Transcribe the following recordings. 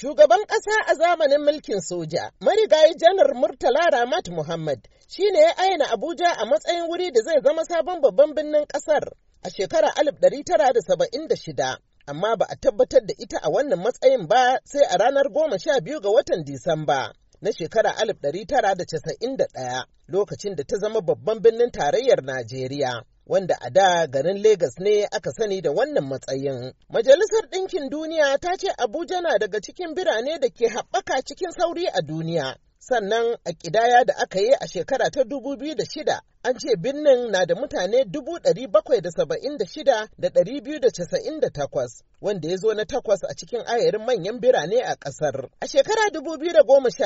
Shugaban ƙasa a zamanin mulkin soja, marigayi janar Murtala Ramat Muhammad, shi ne ya ayyana Abuja a matsayin wuri da zai zama sabon babban birnin ƙasar a shekarar 1976, amma ba a tabbatar da ita a wannan matsayin ba sai a ranar goma sha biyu ga watan Disamba. na shekara 1991 lokacin da ta zama babban birnin tarayyar Najeriya. wanda a da garin Legas ne aka sani da wannan matsayin. Majalisar Ɗinkin Duniya ta ce Abuja na daga cikin birane da ke haɓaka cikin sauri a duniya. Sannan a ƙidaya da aka yi a shekara ta dubu biyu da shida, An ce birnin na da mutane dubu ɗari ɗari bakwai da da da da da saba'in shida biyu casa'in takwas, wanda ya zo na takwas a cikin ayarin manyan birane a ƙasar. A shekara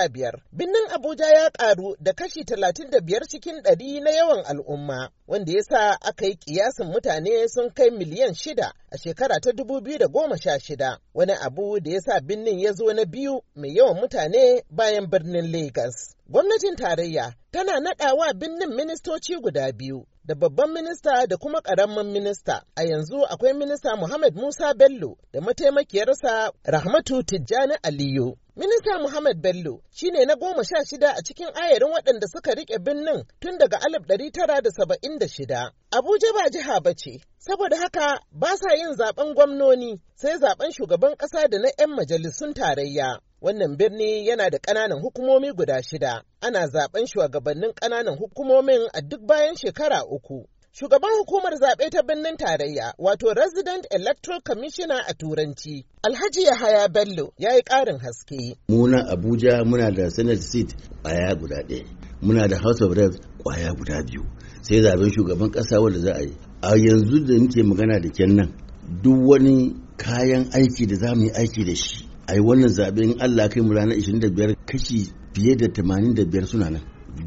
biyar, birnin Abuja ya ƙaru da kashi 35 cikin ɗari na yawan al'umma, wanda ya sa aka yi ƙiyasin mutane sun kai miliyan shida a shekara ta dubu biyu da goma sha shida, wani abu da ya sa birnin ya zo na biyu mai yawan mutane bayan birnin Legas. Gwamnatin tarayya tana naɗawa binnin ministoci guda biyu da babban minista da kuma ƙaramin minista. A yanzu akwai minista Muhammad Musa Bello da mataimakiyarsa Rahmatu Tijjani Aliyu. Minista Muhammad Bello shi ne na goma sha shida a cikin ayarin waɗanda suka riƙe birnin tun daga alif ɗari tara da saba'in da shida. Abuja ba jiha ba ce, saboda haka ba sa yin zaben gwamnoni sai zaben shugaban ƙasa da na 'yan majalisun tarayya. Wannan birni yana da ƙananan hukumomi guda shida. Ana zaben shugabannin ƙananan hukumomin a duk bayan shekara uku. Shugaban hukumar zaɓe ta birnin tarayya, wato Resident Electoral Commissioner a Turanci, Alhaji Yahaya Bello ya yi ƙarin haske. Muna Abuja muna da Senate seat ƙwaya guda ɗaya, muna da House of Reps ƙwaya guda biyu, sai zaben shugaban ƙasa wanda za a yi. A yanzu da muke magana da kyan duk wani kayan aiki da za mu yi aiki da shi a yi wannan zaɓen allah kai mu ranar 25 kashi fiye da 85 suna nan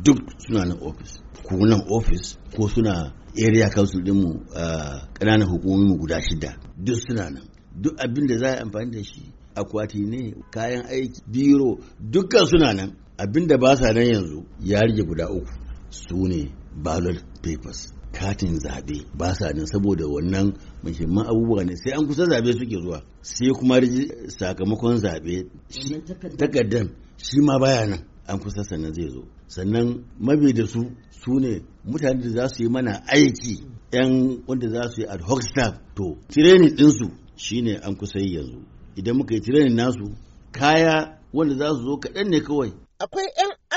duk suna nan ofis ko nan ofis ko suna area council mu a ƙananan hukumomi mu guda shida duk suna nan duk abin da za a amfani da shi akwati ne kayan aiki biro dukkan suna nan abin da ba sa nan yanzu ya rige guda uku su ne ballot papers katin zabe ba sa nan saboda wannan muhimman abubuwa ne sai an kusa zabe suke zuwa sai kuma sakamakon zabe takardar shi ma baya nan an kusa sannan zai zo sannan mabi da su su ne mutane da za su yi mana aiki yan wanda za su yi ad hoc staff to training shi ne an kusa yi yanzu idan muka yi training nasu kaya wanda za su zo kaɗan ne kawai akwai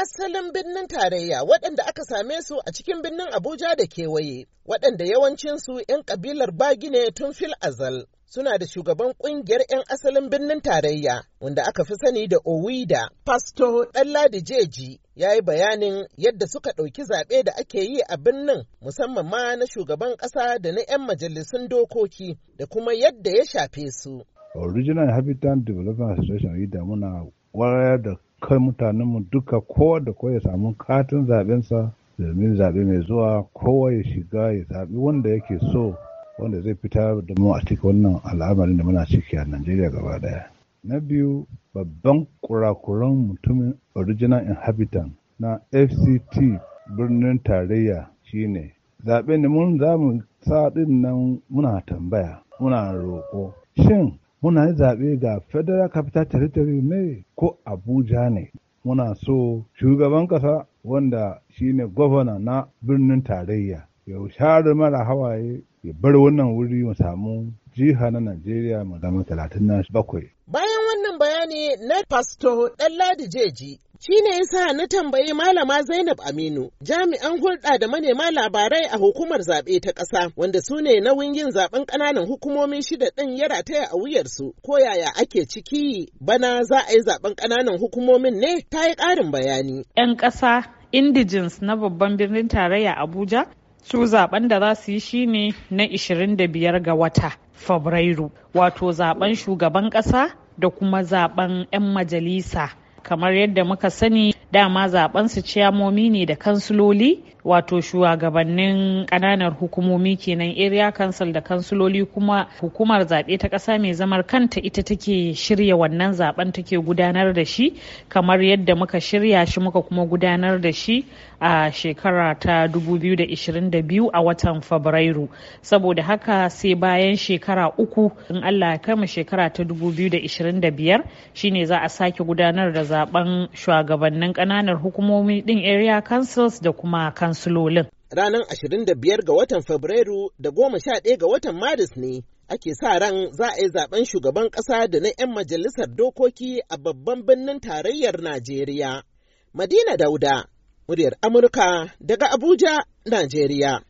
asalin birnin tarayya waɗanda aka same su a cikin birnin Abuja da kewaye, waɗanda yawancinsu 'yan ƙabilar Bagine tun fil azal. Suna da shugaban ƙungiyar 'yan asalin birnin tarayya, wanda aka fi sani da Owida, Pasto Ɗanladi Jeji, ya yi bayanin yadda suka ɗauki zaɓe da ake yi a birnin musamman ma na shugaban ƙasa da na 'yan majalisun dokoki da kuma yadda ya shafe su. Original Habitat Development Association muna wayar da kai mutanenmu duka kowa da kowa ya samu katin zaɓensa domin zaɓe mai zuwa kowa ya shiga ya zaɓi wanda yake so wanda zai fita da mu a cikin wannan al'amarin da muna ciki a Najeriya gaba ɗaya. Na biyu babban kurakuran mutumin original inhabitant na FCT birnin tarayya shine zaɓe ne mun za mu sa nan muna tambaya muna roko. shin muna zaɓe ga federal capital territory ne ko abuja ne muna so shugaban ƙasa wanda shine gwamna na birnin tarayya ya share mara hawaye ya bar wannan wuri mu samu jiha na najeriya mu zama talatin bayan wannan bayani na pastor ɗan ladi jeji Shi ne yasa na tambayi malama Zainab Aminu, jami'an hulɗa da manema labarai a hukumar zaɓe ta ƙasa, wanda su ne nauyin yin zaɓen ƙananan hukumomi shida ɗin ya rataya a wuyarsu, ko yaya ake ciki bana za a yi zaɓen ƙananan hukumomin ne ta yi ƙarin bayani. 'Yan ƙasa indigens na babban birnin tarayya Abuja su zaɓen da za su yi shi ne na biyar ga wata Fabrairu, wato zaɓen shugaban ƙasa da kuma zaɓen 'yan majalisa. kamar yadda muka sani dama zaben su ciyamomi ne da kansuloli wato shugabannin kananan hukumomi kenan area council da kansuloli kuma hukumar zaɓe ta ƙasa mai zamar kanta ita take shirya wannan zaben take gudanar da shi kamar yadda muka shirya shi muka kuma gudanar da shi a shekara ta 2022 a watan fabrairu saboda haka sai bayan shekara uku in allah ya kama shekara ta 2025 shine za a sake gudanar da zaben shugabannin kananan hukumomi din area councils da kuma council kansilolin. Ranar 25 ga watan Fabrairu da 11 ga watan Maris ne ake sa ran za a yi zaben shugaban ƙasa da na 'yan majalisar dokoki a babban birnin tarayyar Najeriya. Madina Dauda, muryar Amurka daga Abuja, Najeriya.